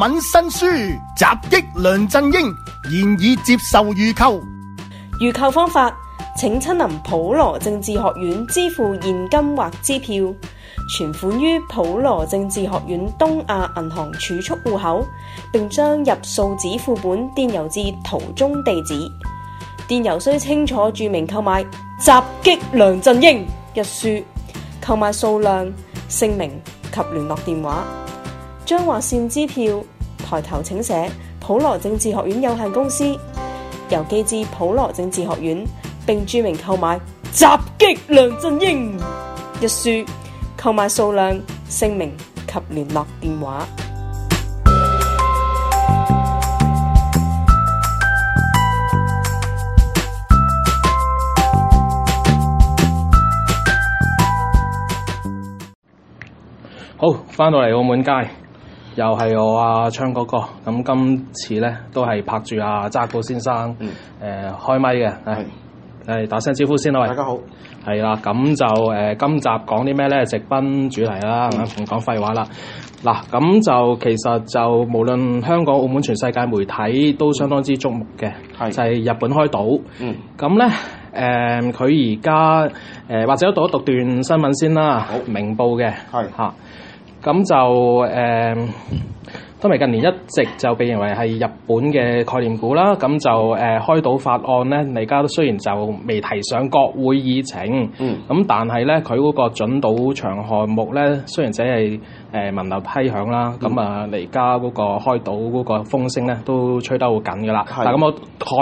新書襲擊梁振英，現已接受預購。預購方法，請親臨普羅政治學院支付現金或支票，存款於普羅政治學院東亞銀行儲蓄戶口，並將入數紙副本電郵至圖中地址。電郵需清楚注明購買《襲擊梁振英》一書，購買數量、姓名及聯絡電話。將劃線支票抬頭請寫普羅政治學院有限公司，郵寄至普羅政治學院，並注明購買《襲擊梁振英》一書，購買數量、姓名及聯絡電話。好，翻到嚟澳門街。又係我阿、啊、鏘、那個啊、哥哥，咁今次咧都係拍住阿渣古先生誒、嗯呃、開咪嘅，係打聲招呼先啦，喂，大家好，係、呃嗯、啦，咁就誒今集講啲咩咧？直奔主題啦，唔講廢話啦。嗱，咁就其實就無論香港、澳門、全世界媒體都相當之矚目嘅，係就係、是、日本開賭。嗯，咁咧誒，佢而家誒或者讀一讀一段新聞先啦。好，《明報》嘅咁就誒，都、嗯、因為近年一直就被認為係日本嘅概念股啦。咁就誒，開賭法案咧，而家都雖然就未提上國會議程，咁、嗯、但係咧，佢嗰個準賭場項目咧，雖然只係。誒文樓批響啦，咁啊嚟家嗰個開島嗰個風聲呢都吹得好緊㗎啦。嗱，咁我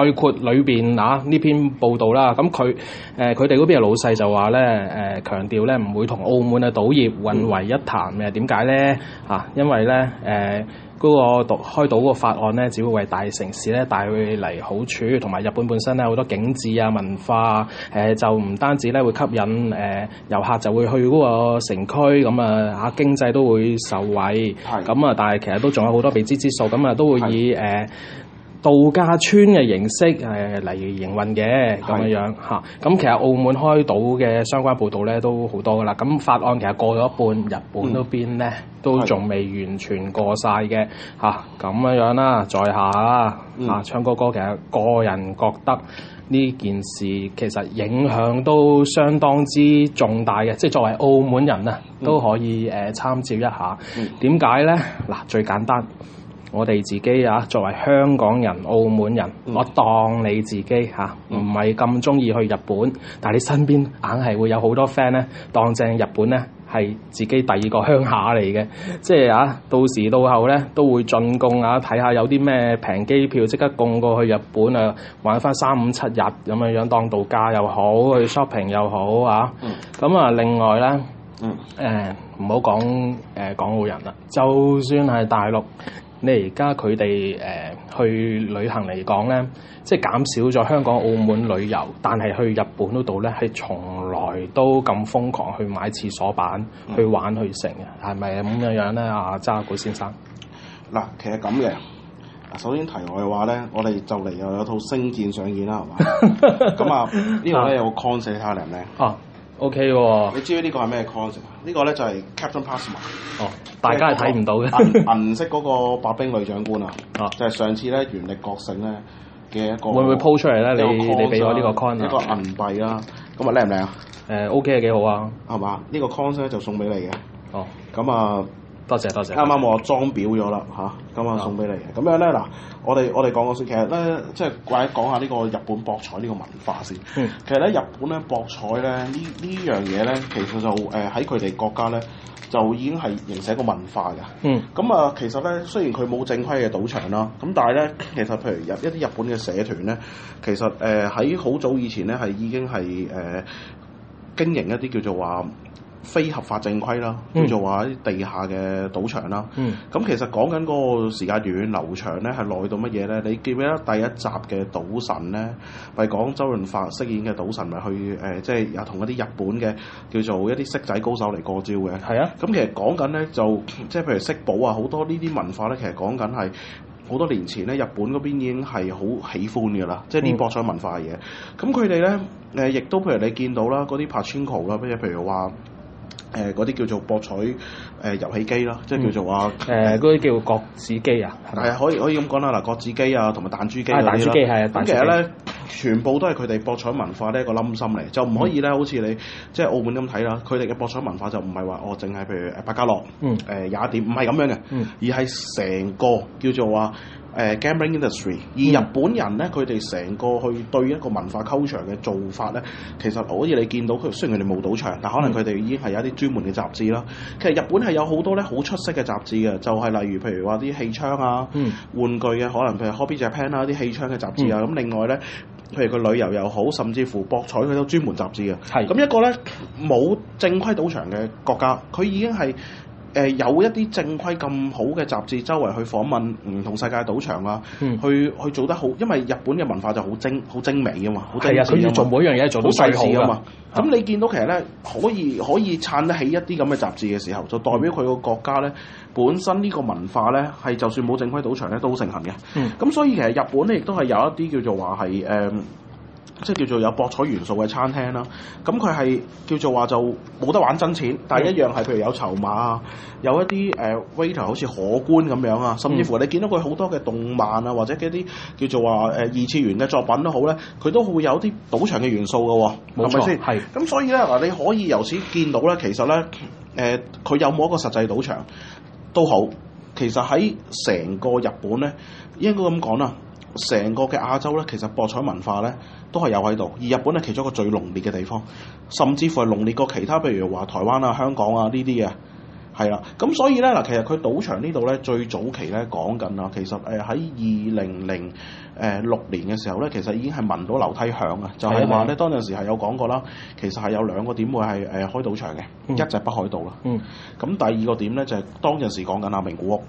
概括裏面啊呢篇報道啦，咁佢誒佢哋嗰邊嘅老細就話呢，誒強調呢唔會同澳門嘅賭業混為一談嘅。咩點解呢吓？因為呢。誒、呃。嗰、那個讀開島個法案呢，只會為大城市咧帶去嚟好處，同埋日本本身咧好多景緻啊、文化啊、呃，就唔單止咧會吸引誒、呃、遊客，就會去嗰個城區，咁啊嚇經濟都會受惠，咁啊但係其實都仲有好多未知之數，咁啊都會以誒，度假村嘅形式誒嚟營運嘅咁樣樣嚇，咁、啊、其實澳門開賭嘅相關報道咧都好多噶啦。咁法案其實過咗一半，日本邊呢、嗯、都邊咧都仲未完全過晒嘅嚇，咁樣樣啦，在下啊，啊，鏘哥、嗯啊、哥其實個人覺得呢件事其實影響都相當之重大嘅，即係作為澳門人啊都可以誒、嗯呃、參照一下。點解咧？嗱，最簡單。我哋自己啊，作為香港人、澳門人，嗯、我當你自己嚇、啊，唔係咁中意去日本、嗯，但係你身邊硬係會有好多 friend 咧，當正日本咧係自己第二個鄉下嚟嘅，即係啊，到時到後咧都會進貢啊，睇下有啲咩平機票，即刻貢過去日本啊，玩翻三五七日咁樣樣當度假又好，去 shopping 又好啊。咁、嗯、啊，另外咧，唔好講誒港澳人啦，就算係大陸。你而家佢哋誒去旅行嚟講咧，即係減少咗香港澳門旅遊，但係去日本嗰度咧，係從來都咁瘋狂去買廁所板去玩去成嘅，係咪咁樣樣咧？阿、啊、揸古先生，嗱，其實咁嘅，嗱，首先題外話咧，我哋就嚟又有套星戰上演啦，係嘛？咁 今天、 嗯、啊，呢個咧有個 concept 下靚 O K 喎，你知唔知呢個係咩 c o n s 呢個咧就係 Captain Phasma，哦，大家係睇唔到嘅，銀色嗰個白兵旅長官啊，啊， 就係上次咧原力覺醒咧嘅一個，會唔會鋪出嚟咧、這個啊？你你俾我呢個 conse，一、啊這個銀幣啦，咁啊靚唔靚啊？誒 O K 係幾好啊，係嘛？呢、這個 conse 咧就送俾你嘅，哦，咁啊。多謝多謝，啱啱我裝裱咗啦嚇，咁啊送俾你嘅。咁、嗯、樣咧嗱，我哋我哋講講先，其實咧即係講一下呢個日本博彩呢個文化先。嗯。其實咧日本咧博彩咧呢、呢個、呢樣嘢咧，其實就誒喺佢哋國家咧就已經係形成一個文化嘅。嗯。咁啊，其實咧雖然佢冇正規嘅賭場啦，咁但係咧其實譬如入一啲日本嘅社團咧，其實誒喺好早以前咧係已經係誒經營一啲叫做話。非合法正規啦，叫做話地下嘅賭場啦。咁、嗯、其實講緊嗰個時間遠遠流長咧，係耐到乜嘢咧？你記唔記得第一集嘅《賭神》咧，係講周潤發飾演嘅賭神，咪去誒，即係又同一啲日本嘅叫做一啲色仔高手嚟過招嘅。係啊。咁其實講緊咧，就即係譬如色寶啊，好多呢啲文化咧，其實講緊係好多年前咧，日本嗰邊已經係好喜歡㗎啦，即係啲博彩文化嘅嘢。咁佢哋咧誒，亦、呃、都譬如你見到啦，嗰啲 Pachinko 啦，即係譬如話。誒嗰啲叫做博彩誒、呃、遊戲機啦，即係叫做啊，誒嗰啲叫角子機啊，係啊，可以可以咁講，啊啊啊、啦，嗱角子機啊同埋彈珠機嗰啲啊，咁其實咧。全部都係佢哋博彩文化咧，個冧心嚟，就唔可以咧，好似你即係澳門咁睇啦。佢哋嘅博彩文化就唔係話我淨係譬如百家樂，誒廿一、嗯呃、點，唔係咁樣嘅、嗯，而係成個叫做話誒、呃、gambling industry。而日本人咧，佢哋成個去對一個文化溝場嘅做法咧，其實好似你見到佢，雖然佢哋冇賭場，但可能佢哋已經係有一啲專門嘅雜誌啦。其實日本係有好多咧好出色嘅雜誌嘅，就係、是、例如譬如話啲氣槍啊、嗯、玩具嘅，可能譬如 Hobby Japan 啊、啲氣槍嘅雜誌啊。咁、嗯、另外咧。譬如佢旅遊又好，甚至乎博彩佢都專門雜誌嘅係，咁一個咧冇正規賭場嘅國家，佢已經係。誒、呃、有一啲正規咁好嘅雜誌，周圍去訪問唔同世界賭場啊，嗯、去去做得好，因為日本嘅文化就好精好精美嘅嘛，佢要做每樣嘢做到細緻啊嘛。咁你見到其實呢，可以可以撐得起一啲咁嘅雜誌嘅時候，就代表佢個國家呢本身呢個文化呢係就算冇正規賭場呢都好盛行嘅。咁、嗯、所以其實日本呢亦都係有一啲叫做話係即係叫做有博彩元素嘅餐廳啦，咁佢係叫做話就冇得玩真錢，嗯、但係一樣係譬如有籌碼啊，有一啲誒 waiter、呃、好似荷官咁樣啊，甚至乎你見到佢好多嘅動漫啊，或者一啲叫做話誒二次元嘅作品都好咧，佢都會有啲賭場嘅元素嘅喎，係咪先？係。咁所以咧嗱，你可以由此見到咧，其實咧誒，佢、呃、有冇一個實際賭場都好，其實喺成個日本咧，應該咁講啦。成個嘅亞洲呢，其實博彩文化呢都係有喺度，而日本呢，其中一個最濃烈嘅地方，甚至乎係濃烈過其他，譬如話台灣啊、香港啊呢啲嘅，係啦。咁所以呢，嗱，其實佢賭場呢度呢，最早期呢講緊啊，其實誒喺二零零誒六年嘅時候呢，其實已經係聞到樓梯響啊，就係、是、話呢，當陣時係有講過啦，其實係有兩個點會係誒開賭場嘅、嗯，一就係北海道啦，咁、嗯、第二個點呢，就係、是、當陣時講緊啊名古屋。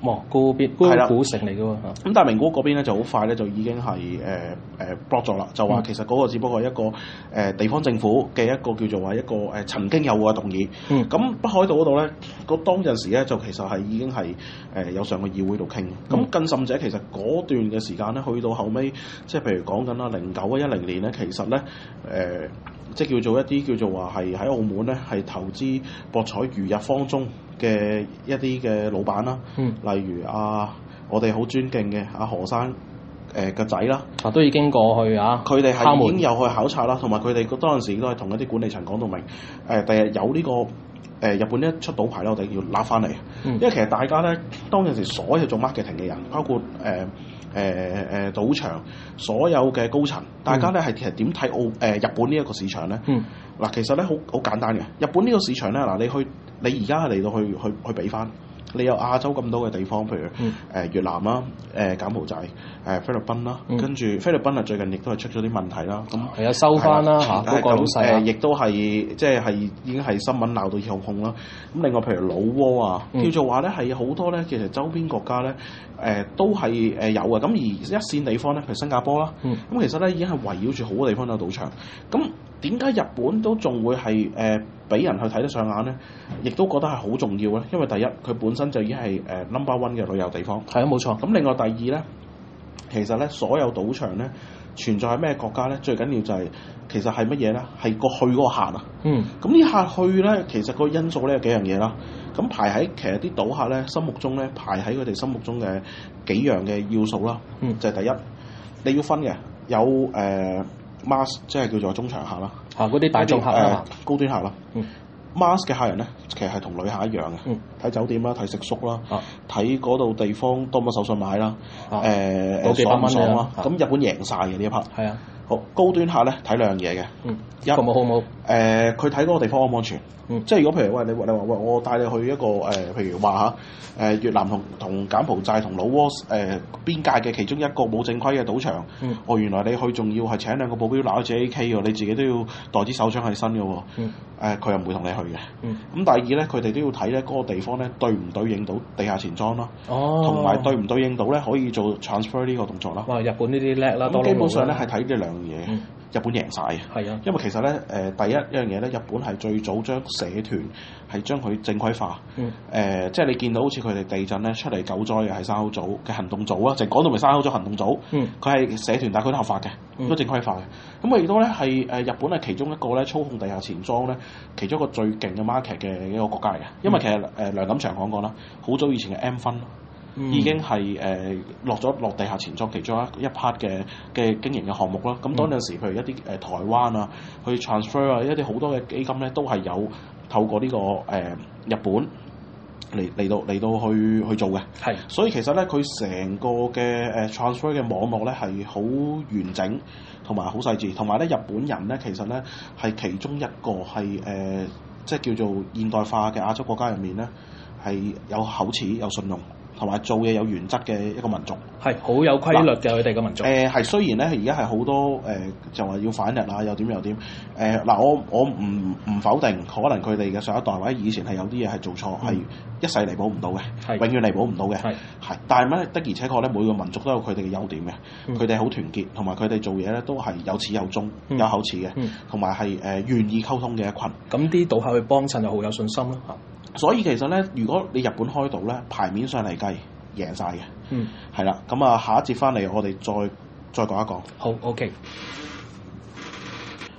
冇、哦，古別，古城嚟嘅喎。咁、嗯、大明宮嗰邊咧，就好快咧，就已經係誒誒 block 咗啦。就話其實嗰個只不過係一個、呃、地方政府嘅一個叫做話一個誒、呃、曾經有嘅動議。咁、嗯、北海道嗰度咧，個當陣時咧，就其實係已經係誒、呃、有上個議會度傾。咁、嗯、更甚者，其實嗰段嘅時間咧，去到後尾，即、就、係、是、譬如講緊啦，零九啊一零年咧，其實咧誒。呃即係叫做一啲叫做話，係喺澳門咧，係投資博彩如日方中嘅一啲嘅老闆啦。嗯，例如啊，我哋好尊敬嘅阿、啊、何生誒個仔啦。啊，都已經過去啊！佢哋係已經有去考察啦，同埋佢哋嗰陣時都係同一啲管理層講到明誒第日有呢、這個誒、啊、日本一出賭牌啦，我哋要拉翻嚟。嗯，因為其實大家咧，當陣時所有做 marketing 嘅人，包括誒。啊誒誒賭場所有嘅高層，大家咧係其實點睇澳誒日本呢一個市場咧？嗱、嗯，其實咧好好簡單嘅，日本呢個市場咧，嗱，你去你而家係嚟到去去去俾翻。你有亞洲咁多嘅地方，譬如、嗯呃、越南啦、誒柬埔寨、菲律賓啦，跟、嗯、住菲律賓啊最近亦都係出咗啲問題啦。咁、嗯、係啊，收翻啦嚇，個、啊、個都細亦都係即係係已經係新聞鬧到耳控啦。咁另外譬如老撾啊、嗯，叫做話咧係好多咧，其實周邊國家咧、呃、都係有嘅。咁而一線地方咧，譬如新加坡啦，咁、嗯、其實咧已經係圍繞住好多地方都有賭場咁。點解日本都仲會係誒俾人去睇得上眼咧？亦都覺得係好重要咧，因為第一，佢本身就已經係誒 number one 嘅旅遊地方。係、呃、啊，冇錯。咁另外第二咧，其實咧所有賭場咧存在喺咩國家咧？最緊要就係其實係乜嘢咧？係個去嗰個客啊。嗯。咁呢客去咧，其實個因素咧有幾樣嘢啦。咁排喺其實啲賭客咧心目中咧排喺佢哋心目中嘅幾樣嘅要素啦。嗯。就係、是、第一，你要分嘅有誒。呃 Mas 即係叫做中場客啦，嚇嗰啲大眾客啦、呃，高端客啦。Mas、嗯、嘅客人咧，其實係同女客一樣嘅，睇、嗯、酒店啦，睇食宿啦，睇嗰度地方多乜手信買啦。誒、啊呃、爽唔爽啦。咁、啊、日本贏晒嘅呢一 part。係啊，好高端客咧睇兩樣嘢嘅，一、服務好唔好？誒，佢睇嗰個地方安唔安全，嗯、即係如果譬如喂你話你話喂我帶你去一個誒、呃、譬如話嚇誒越南同同柬埔寨同老撾誒、呃、邊界嘅其中一個冇正規嘅賭場，嗯、哦原來你去仲要係請兩個保鏢攬住 A K 喎，你自己都要帶啲手槍喺身嘅喎，佢、嗯呃、又唔會同你去嘅。咁、嗯、第二咧佢哋都要睇咧嗰個地方咧對唔對應到地下錢莊咯，同、哦、埋對唔對應到咧可以做 transfer 呢個動作咯，哇、哦、日本呢啲叻啦，咁基本上咧係睇呢兩樣嘢。嗯日本贏晒，啊！係啊，因為其實咧，誒、呃、第一一樣嘢咧，日本係最早將社團係將佢正規化，誒、嗯呃、即係你見到好似佢哋地震咧出嚟救災嘅係山口組嘅行動組啊，成港個都咪山口組行動組，佢係、嗯、社團但佢都合法嘅、嗯，都正規化嘅。咁啊，亦都咧係誒日本係其中一個咧操控地下錢莊咧，其中一個最勁嘅 market 嘅一個國家嚟嘅，因為其實誒、嗯呃、梁錦祥講過啦，好早以前嘅 M Fund。已經係誒、呃、落咗落地下潛作其中一一 part 嘅嘅經營嘅項目啦。咁當陣時，譬如一啲誒、呃、台灣啊，去 transfer 啊，一啲好多嘅基金咧，都係有透過呢、這個誒、呃、日本嚟嚟到嚟到去去做嘅。係，所以其實咧，佢成個嘅誒、呃、transfer 嘅網絡咧係好完整同埋好細緻。同埋咧，日本人咧其實咧係其中一個係誒，即係、呃就係、叫做現代化嘅亞洲國家入面咧係有口齒有信用。同埋做嘢有原則嘅一個民族，係好有規律嘅佢哋嘅民族、嗯。係、呃、雖然咧，而家係好多、呃、就話要反日啊，又點又點。嗱、呃呃，我我唔唔否定，可能佢哋嘅上一代或者以前係有啲嘢係做錯，係、嗯、一世彌補唔到嘅，永遠彌補唔到嘅。係係，但係咧，的而且確咧，每個民族都有佢哋嘅優點嘅，佢哋好團結，同埋佢哋做嘢咧都係有始有終、嗯、有口齒嘅，同埋係誒願意溝通嘅一群。咁啲賭客去幫襯就好有信心。所以其實咧，如果你日本開賭咧，牌面上嚟計贏晒嘅。嗯，係啦，咁啊下一節翻嚟，我哋再再講一講好。好，OK。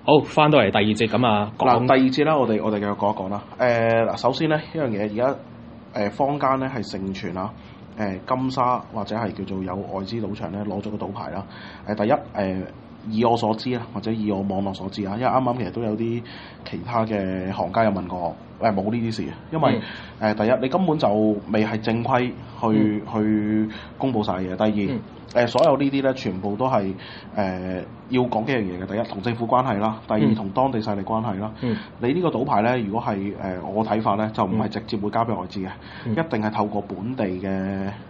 好，翻到嚟第二節咁啊，嗱，第二節啦，我哋我哋繼續講一講啦。誒、呃、嗱，首先咧，一樣嘢而家誒坊間咧係盛傳啊，誒、呃、金沙或者係叫做有外資賭場咧攞咗個賭牌啦。誒、呃、第一誒。呃以我所知啊，或者以我網絡所知啊，因為啱啱其實都有啲其他嘅行家有問過我：「誒，冇呢啲事啊？因為誒、嗯呃，第一你根本就未係正規去、嗯、去公布晒嘅，第二。嗯誒所有呢啲咧，全部都係、呃、要講幾樣嘢嘅。第一，同政府關係啦；第二，同當地勢力關係啦。嗯。你呢個賭牌咧，如果係、呃、我睇法咧，就唔係直接會交俾外資嘅、嗯，一定係透過本地嘅。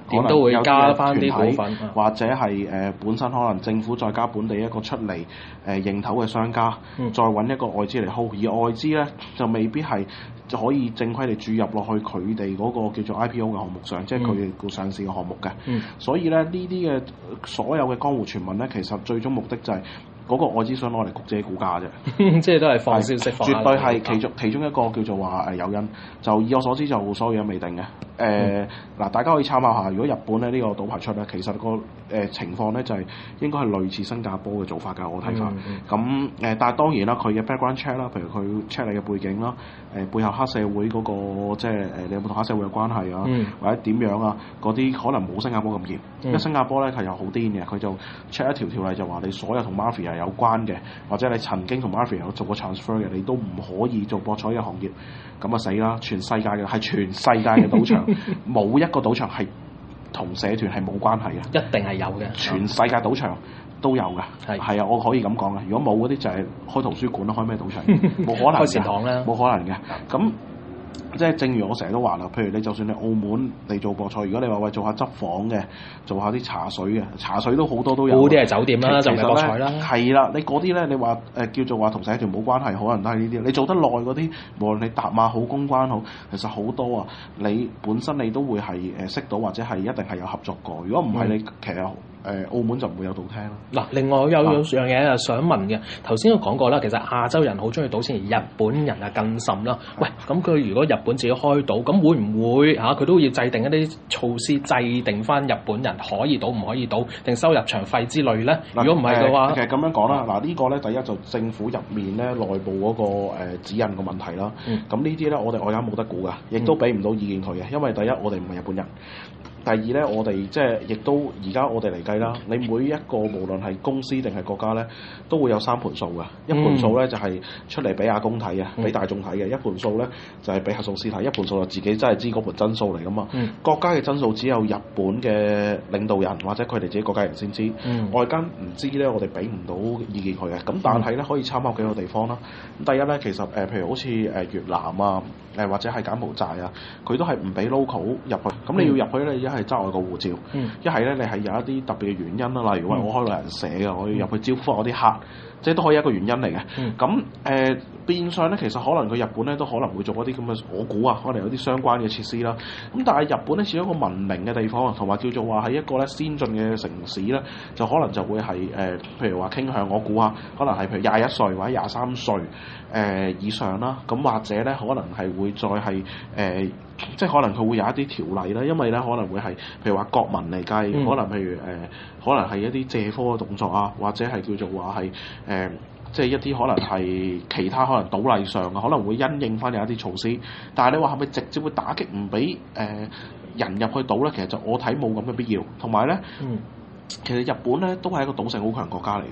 點、嗯、都會加翻啲股份，或者係誒、呃、本身可能政府再加本地一個出嚟誒認頭嘅商家，嗯、再揾一個外資嚟 hold。而外資咧就未必係可以正規地注入落去佢哋嗰個叫做 IPO 嘅項目上，即係佢哋個上市嘅項目嘅、嗯。所以咧，呢啲嘅。所有嘅江湖傳聞咧，其實最終目的就係嗰個外資想攞嚟焗自己股價啫， 即係都係放消息，是絕對係其中其中一個叫做話誒、呃、誘因，就以我所知就所有嘢未定嘅。嗱、呃，大家可以參考一下，如果日本咧呢個賭牌出咧，其實、那個、呃、情況咧就係、是、應該係類似新加坡嘅做法㗎。我睇法咁、嗯嗯呃、但係當然啦，佢嘅 background check 啦，譬如佢 check 你嘅背景啦、呃，背後黑社會嗰、那個、即係你有冇同黑社會有關係啊、嗯，或者點樣啊，嗰啲可能冇新加坡咁嚴、嗯。因為新加坡咧佢又好癲嘅，佢就 check 一條條例就話你所有同 mafia 有關嘅，或者你曾經同 mafia 有做過 transfer 嘅，你都唔可以做博彩嘅行業，咁啊死啦！全世界嘅係全世界嘅賭場。 冇一個賭場係同社團係冇關係嘅，一定係有嘅。全世界賭場都有噶，係係啊，我可以咁講嘅。如果冇嗰啲就係開圖書館啦，開咩賭場？冇 可能嘅，開前堂啦，冇可能嘅。咁。即係正如我成日都話啦，譬如你就算你澳門你做博彩，如果你話喂做下執房嘅，做下啲茶水嘅，茶水都好多都有。好啲係酒店啦，就係博彩啦。係啦，你嗰啲咧，你話誒叫做話同社團冇關係，可能都係呢啲。你做得耐嗰啲，無論你搭馬好，公關好，其實好多啊。你本身你都會係誒識到，或者係一定係有合作過。如果唔係，你其實誒澳門就唔會有賭廳啦。嗱，另外有有樣嘢啊想問嘅。頭先都講過啦，其實亞洲人好中意賭錢，而日本人啊更甚啦。喂，咁佢如果日本自己開賭，咁會唔會嚇佢都要制定一啲措施，制定翻日本人可以賭唔可以賭，定收入場費之類咧？如果唔係嘅話，呃呃、其實咁樣講啦。嗱、嗯、呢、呢個咧，第一就是政府入面咧內部嗰個誒指引嘅問題啦。咁呢啲咧，我哋我而家冇得估噶，亦都俾唔到意見佢嘅，因為第一我哋唔係日本人。第二咧，我哋即係亦都而家我哋嚟計啦。你每一個無論係公司定係國家咧，都會有三盤數嘅。一盤數咧就係出嚟俾阿公睇嘅，俾、嗯、大眾睇嘅。一盤數咧就係俾核數師睇，一盤數就自己真係知嗰盤真數嚟㗎嘛。國家嘅真數只有日本嘅領導人或者佢哋自己國家人先知。嗯，外間唔知咧，我哋俾唔到意見佢嘅。咁但係咧，可以參考幾個地方啦。咁第一咧，其實誒、呃、譬如好似誒越南啊誒、呃、或者係柬埔寨啊，佢都係唔俾 local 入去。咁你要入去咧？嗯一係執我個護照，嗯，一係咧你係有一啲特別嘅原因啦。例如話我開旅行社嘅，我要入去招呼我啲客，即係都可以一個原因嚟嘅。咁、嗯、誒。呃變相咧，其實可能佢日本咧都可能會做一啲咁嘅，我估啊，可能有啲相關嘅設施啦。咁但係日本咧，始終一個文明嘅地方，啊，同埋叫做話係一個咧先進嘅城市咧，就可能就會係誒、呃，譬如話傾向我估啊，可能係譬如廿一歲或者廿三歲誒、呃、以上啦。咁或者咧，可能係會再係誒、呃，即係可能佢會有一啲條例啦，因為咧可能會係譬如話國民嚟計，嗯、可能譬如誒、呃，可能係一啲借科嘅動作啊，或者係叫做話係誒。呃即係一啲可能係其他可能賭例上嘅，可能會因應翻有一啲措施。但係你話係咪直接會打擊唔俾誒人入去賭咧？其實就我睇冇咁嘅必要。同埋咧。嗯其實日本咧都係一個賭性好強國家嚟嘅，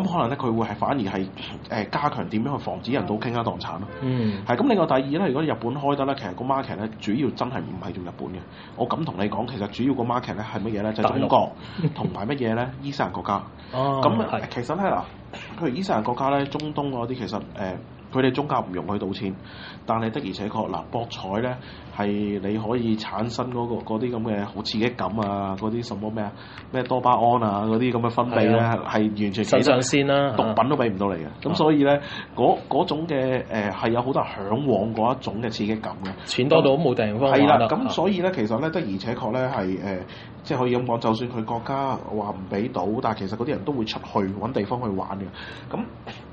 咁可能咧佢會係反而係誒、呃、加強點樣去防止人到傾家蕩產咯。嗯，係咁。另外第二咧，如果日本開得咧，其實個 market 咧主要真係唔係用日本嘅。我敢同你講，其實主要個 market 咧係乜嘢咧？就係、中國同埋乜嘢咧？什麼呢 伊斯蘭國家。哦、嗯。咁其實咧嗱，譬如伊斯蘭國家咧，中東嗰啲其實誒。呃佢哋宗教唔容許賭錢，但係的而且確嗱，博彩咧係你可以產生嗰啲咁嘅好刺激感啊，嗰啲什麼咩啊，咩多巴胺啊嗰啲咁嘅分泌咧、啊，係、啊、完全上先啦，毒品都俾唔到你嘅。咁、啊啊、所以咧，嗰嗰種嘅係、呃、有好多人嚮往嗰一種嘅刺激感嘅。錢、啊、多到冇地方係啦，咁、啊、所以咧、啊、其實咧的而且確咧係即係可以咁講，就算佢國家話唔俾賭，但係其實嗰啲人都會出去揾地方去玩嘅。咁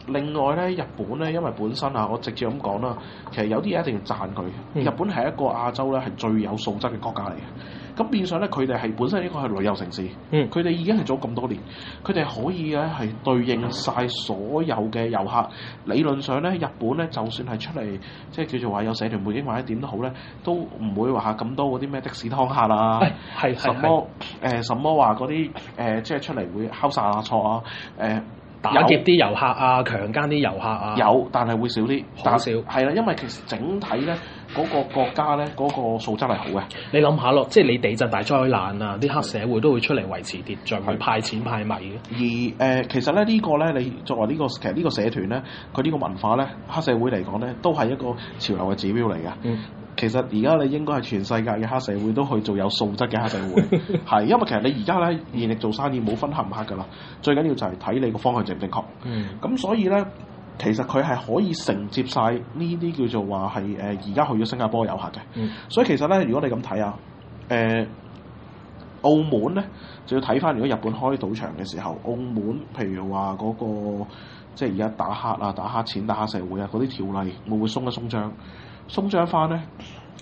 另外呢，日本呢，因為本身啊，我直接咁講啦，其實有啲嘢一定要讚佢。嗯。日本係一個亞洲呢，係最有素質嘅國家嚟嘅。咁變相咧，佢哋係本身呢個係旅遊城市，嗯，佢哋已經係做咁多年，佢哋可以咧係對應晒所有嘅遊客、嗯。理論上咧，日本咧就算係出嚟，即係叫做話有社團背景或者點都好咧，都唔會話咁多嗰啲咩的士湯客啊，係、哎、什麼誒、呃、什麼話嗰啲誒即係出嚟會敲殺啊錯啊誒，打劫啲遊客啊，強奸啲遊客啊，有，但係會少啲，打少係啦，因為其實整體咧。嗰、那個國家咧，嗰、那個素質係好嘅。你諗下咯，即係你地震大災難啊！啲黑社會都會出嚟維持秩序，去派錢派米嘅。而誒、呃，其實咧呢、這個咧，你作為呢、這個其實呢個社團咧，佢呢個文化咧，黑社會嚟講咧，都係一個潮流嘅指標嚟嘅。嗯。其實而家你應該係全世界嘅黑社會都去做有素質嘅黑社會，係 因為其實你而家咧，現力做生意冇分黑唔黑㗎喇。最緊要就係睇你個方向正唔正確。嗯。咁所以咧。其實佢係可以承接晒呢啲叫做話係誒而家去咗新加坡嘅遊客嘅，所以其實咧，如果你咁睇啊，誒澳門咧，就要睇翻如果日本開賭場嘅時候，澳門譬如話嗰個即係而家打黑啊、打黑錢、打黑社會啊嗰啲條例會唔會鬆一鬆張？鬆張翻咧，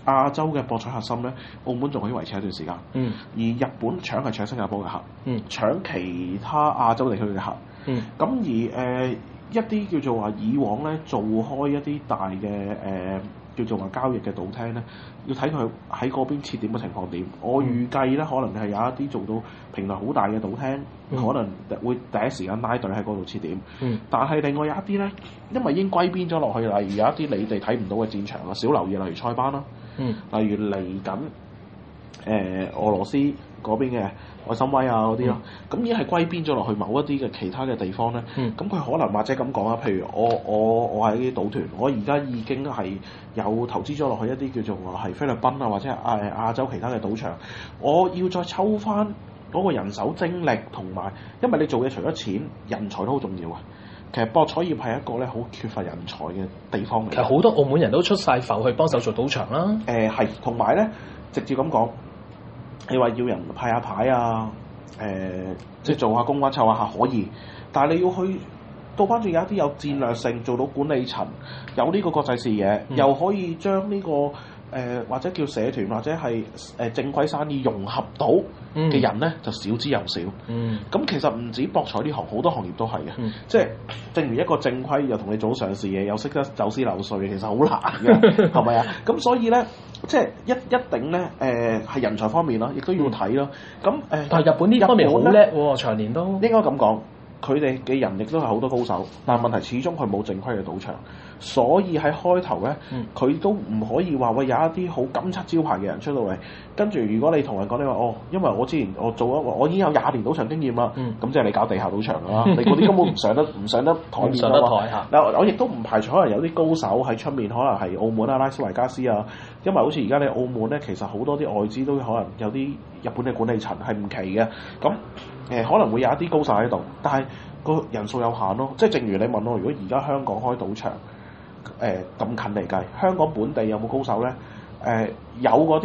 亞洲嘅博彩核心咧，澳門仲可以維持一段時間。而日本搶係搶新加坡嘅客，搶其他亞洲地區嘅客。咁而誒、呃。一啲叫做話以往咧做開一啲大嘅誒、呃、叫做話交易嘅賭廳咧，要睇佢喺嗰邊設點嘅情況點。嗯、我預計咧可能係有一啲做到平台好大嘅賭廳，嗯、可能會第一時間拉隊喺嗰度設點。嗯、但係另外有一啲呢，因為已經歸邊咗落去，例如有一啲你哋睇唔到嘅戰場啊，少留意，例如賽班啦，嗯，例如嚟緊誒俄羅斯。嗰邊嘅愛心威啊嗰啲咯，咁已經係歸邊咗落去某一啲嘅其他嘅地方咧、嗯，咁佢可能或者咁講啊，譬如我我我係一啲賭團，我而家已經係有投資咗落去一啲叫做話係菲律賓啊或者係亞洲其他嘅賭場，我要再抽翻嗰個人手精力同埋，因為你做嘢除咗錢，人才都好重要啊。其實博彩業係一個咧好缺乏人才嘅地方嚟。其實好多澳門人都出晒埠去幫手做賭場啦、啊呃。係，同埋咧直接咁講。你話要人派下牌啊？誒、呃，即係做下公關策啊，可以。但係你要去到翻轉，有一啲有戰略性，做到管理層，有呢個國際視野，嗯、又可以將呢、呢個。誒、呃、或者叫社團或者係誒正規生意融合到嘅人咧，嗯、就少之又少。咁、嗯、其實唔止博彩呢行，好多行業都係嘅。即、嗯、係、就是、正如一個正規又同你做上市嘢，又識得走私漏稅，其實好難嘅，係咪啊？咁所以咧，即、就、係、是、一一定咧，誒、呃、係人才方面咯，亦都要睇咯。咁、嗯、誒、呃，但係日，日，日本呢方面好叻喎，長年都應該咁講，佢哋嘅人力都係好多高手，但係問題始終佢冇正規嘅賭場。所以喺開頭呢，佢都唔可以話喂有一啲好金漆招牌嘅人出到嚟。跟住如果你同人講你話哦，因為我之前我做咗我已經有廿年賭場經驗啦，咁即係你搞地下賭場啦。你嗰啲根本唔上得唔 上得台面啊！嗱，我亦都唔排除可能有啲高手喺出面，可能係澳門啊、拉斯維加斯啊。因為好似而家你澳門呢，其實好多啲外資都可能有啲日本嘅管理層係唔奇嘅。咁、呃、可能會有一啲高手喺度，但係個人數有限咯。即係正如你問我，如果而家香港開賭場？誒、呃、咁近嚟計，香港本地有冇高手呢？誒、呃、有嗰啲，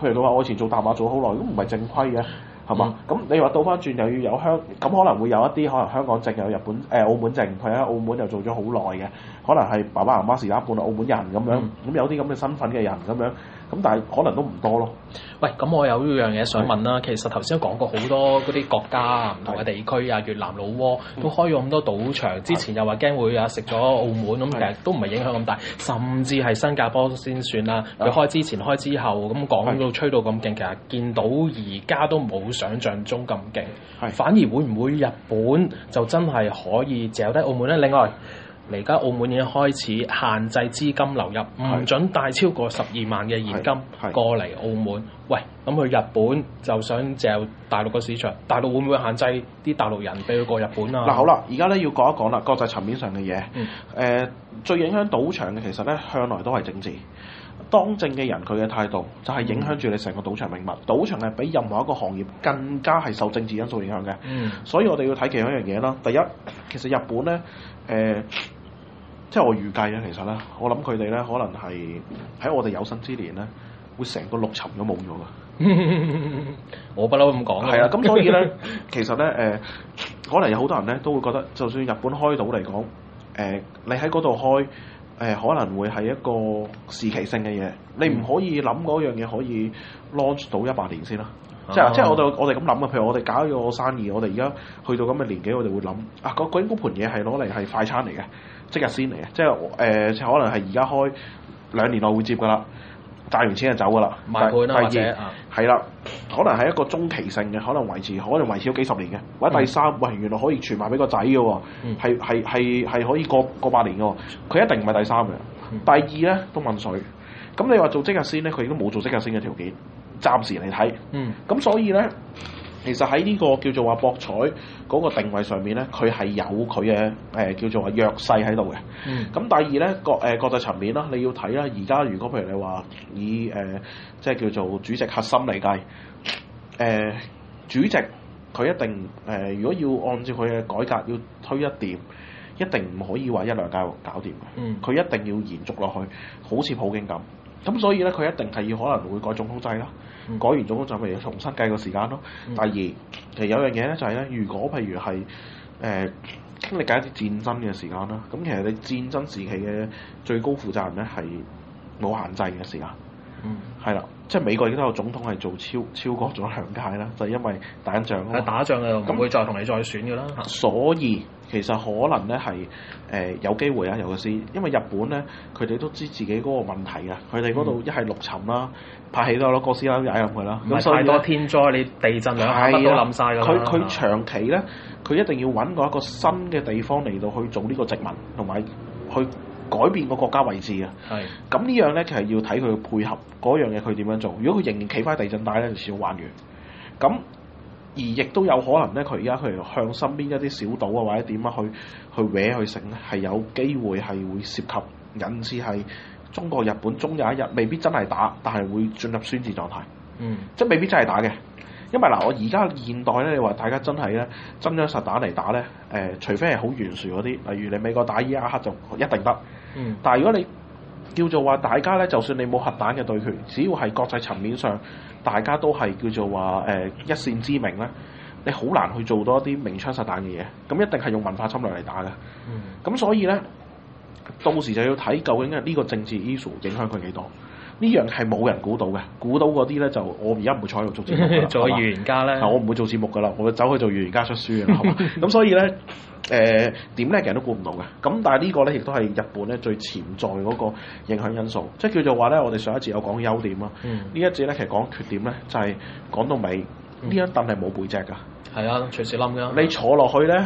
譬如你話我以前做大馬做好耐，都唔係正規嘅，係嘛？咁、嗯嗯嗯、你話倒翻轉，又要有香，咁可能會有一啲可能香港證，有日本、呃、澳門證，佢喺澳門又做咗好耐嘅，可能係爸爸媽媽係另一半澳門人咁樣，咁、嗯、有啲咁嘅身份嘅人咁樣。咁但係可能都唔多咯。喂，咁我有一樣嘢想問啦。其實頭先講過好多嗰啲國家啊，唔同嘅地區啊，越南、老撾都開咗咁多賭場。之前又話驚會啊食咗澳門，咁其實都唔係影響咁大。甚至係新加坡先算啦，佢開之前、開之後咁講到吹到咁勁，其實見到而家都冇想像中咁勁，反而會唔會日本就真係可以掟低澳門呢？另外而家澳門已經開始限制資金流入，唔準帶超過十二萬嘅現金過嚟澳門。喂，咁去日本就想借大陸個市場，大陸會唔會限制啲大陸人俾佢過日本啊？嗱，好啦，而家咧要講一講啦，國際層面上嘅嘢。誒、嗯呃，最影響賭場嘅其實咧向來都係政治，當政嘅人佢嘅態度就係影響住你成個賭場命脈。賭、嗯、場係比任何一個行業更加係受政治因素影響嘅。嗯，所以我哋要睇其中一樣嘢啦。第一，其實日本咧，誒、呃。即係我預計咧，其實咧，我諗佢哋咧，可能係喺我哋有生之年咧，會成個陸沉都冇咗噶。我不嬲咁講啦。係啊，咁 所以咧，其實咧，誒、呃，可能有好多人咧都會覺得，就算日本開賭嚟講，誒、呃，你喺嗰度開，誒、呃，可能會係一個時期性嘅嘢，嗯、你唔可以諗嗰樣嘢可以 launch 到一百年先啦。啊、即係、啊、即係我哋我哋咁諗啊，譬如我哋搞一個生意，我哋而家去到咁嘅年紀，我哋會諗啊，嗰嗰盤嘢係攞嚟係快餐嚟嘅。即日先嚟嘅，即係誒，可能係而家開兩年內會接㗎喇，賺完錢就走㗎喇，唔賠啦或者係啦，可能係一個中期性嘅，可能維持，可能維持到幾十年嘅。或者第三，喂、嗯，原來可以傳埋俾個仔嘅喎，係係係可以過過八年嘅。佢一定唔係第三嘅，嗯、第二咧都問水。咁你話做即日先咧，佢都冇做即日先嘅條件。暫時嚟睇，咁、嗯、所以咧。其實喺呢個叫做話博彩嗰個定位上面呢，佢係有佢嘅，誒叫做話弱勢喺度嘅。咁第二呢，國誒國際層面啦，你要睇啦，而家如果譬如你話以誒、呃、即係叫做主席核心嚟計，誒、呃、主席佢一定誒、呃、如果要按照佢嘅改革要推一啲，一定唔可以話一兩屆搞掂嘅。佢、嗯、一定要延續落去，好似普京咁。咁所以呢，佢一定係要可能會改總統制啦。嗯、改完咗就咪要重新計個時間咯。第二，嗯、其實有樣嘢咧就係、是、咧，如果譬如係誒、呃、經歷緊一啲戰爭嘅時間啦，咁其實你戰爭時期嘅最高負責人咧係冇限制嘅時間。嗯，係啦。即係美國已經都有總統係做超超過咗兩屆啦，就係、是、因為打緊仗咯。打仗嘅，唔會再同你再選嘅啦。所以其實可能咧係誒有機會啊，尤其是因為日本咧，佢哋都知道自己嗰個問題啊，佢哋嗰度一係陸沉啦，拍戲都攞哥斯拉踩入去啦。咁所以太多天災，你地震啊，乜都冧晒㗎啦。佢，佢長期咧，佢一定要揾到一個新嘅地方嚟到去做呢個殖民，同埋去。改變個國家位置啊，咁呢樣呢，其實要睇佢配合嗰樣嘢，佢點樣做？如果佢仍然企翻地震帶呢，就少玩完。咁而亦都有可能呢，佢而家佢向身邊一啲小島啊，或者點樣去去去成係有機會係會涉及引致係中國日本終有一日未必真係打，但係會進入宣戰狀態。嗯，即未必真係打嘅。因為嗱，我而家現代咧，你話大家真係咧，真槍實彈嚟打咧，誒，除非係好懸殊嗰啲，例如你美國打伊拉克就一定得。嗯。但係如果你叫做話大家咧，就算你冇核彈嘅對決，只要係國際層面上大家都係叫做話誒、呃、一線之明咧，你好難去做多一啲明槍實彈嘅嘢，咁一定係用文化侵略嚟打嘅。嗯。咁所以咧，到時就要睇究竟呢個政治 issue 影響佢幾多。呢樣係冇人估到嘅，估到嗰啲咧就我而家唔會坐喺度做節目啦。 做預言家咧，我唔會做節目嘅啦，我走去做預言家出書啊，咁 所以咧，誒點咧，其實都估唔到嘅。咁但係呢個咧亦都係日本咧最潛在嗰個影響因素，即係叫做話咧，我哋上一節有講優點啦，呢、嗯、一節咧其實講缺點咧，就係講到尾呢一凳係冇背脊㗎，係啊，隨時冧㗎。你坐落去咧。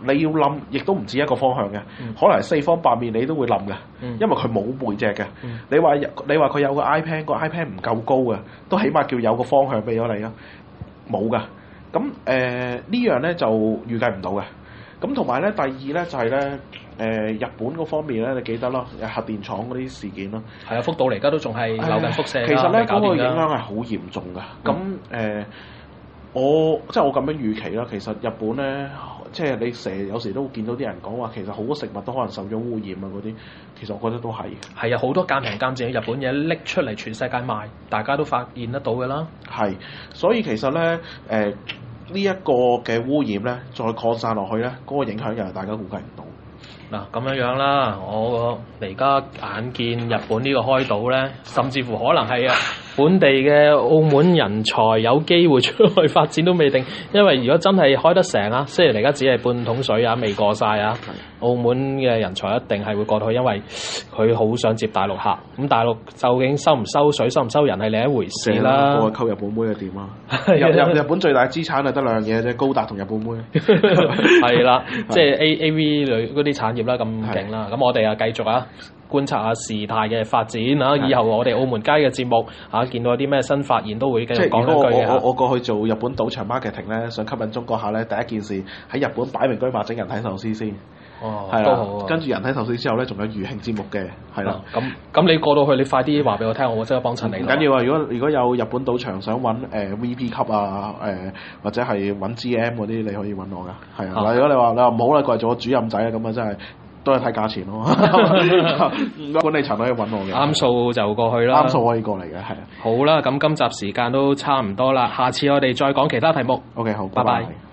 你要冧，亦都唔止一個方向嘅，嗯、可能四方八面你都會冧嘅，嗯、因為佢冇背脊嘅、嗯。你話你話佢有個 iPad，個 iPad 唔夠高嘅，都起碼叫有個方向俾咗你咯。冇噶，咁誒、呃、呢樣咧就預計唔到嘅。咁同埋咧，第二咧就係、是、咧，誒、呃、日本嗰方面咧，你記得咯，核電廠嗰啲事件咯，係啊，福島嚟，而家都仲係留緊輻射啦，其實咧嗰個影響係好嚴重噶，咁、嗯、誒。呃我即係我咁樣預期啦，其實日本呢，即係你成日有時都會見到啲人講話，其實好多食物都可能受咗污染啊，嗰啲其實我覺得都係。係啊，好多奸平奸淨嘅日本嘢拎出嚟全世界賣，大家都發現得到㗎啦。係，所以其實呢，呃，呢一個嘅污染呢，再擴散落去呢，嗰個影響又係大家估計唔到。嗱，咁樣樣啦，我嚟家眼見日本呢個開賭呢，甚至乎可能係啊。本地嘅澳門人才有機會出去發展都未定，因為如果真係開得成啊，雖然而家只係半桶水啊，未過晒啊。的澳門嘅人才一定係會過去，因為佢好想接大陸客。咁大陸究竟收唔收水、收唔收人係另一回事啦。我溝日本妹又點啊？日本最大的資產係得兩樣嘢啫，高達同日本妹。係 啦，即係 A A V 類嗰啲產業啦，咁勁啦。咁我哋啊，繼續啊。觀察下事態嘅發展啦，以後我哋澳門街嘅節目嚇、啊、見到有啲咩新發現都會繼續講一句，我我我過去做日本賭場 marketing 咧，想吸引中國客咧，第一件事喺日本擺明車馬整人體壽司先。哦，都好、啊。跟住人體壽司之後咧，仲有餘興節目嘅，係啦。咁、啊、咁你過到去，你快啲話俾我聽、嗯，我會即刻幫襯你。緊要啊！如果如果有日本賭場想揾 VP 級啊誒、呃、或者係揾 GM 嗰啲，你可以揾我㗎。係啊，嗱，如果你話你話唔好啦，過嚟做個主任仔啊，咁啊真係。都係睇價錢咯，該 管理層可以揾我嘅。啱數就過去啦，啱數可以過嚟嘅，係啊。好啦，咁今集時間都差唔多啦，下次我哋再講其他題目。OK，好，拜拜。Bye bye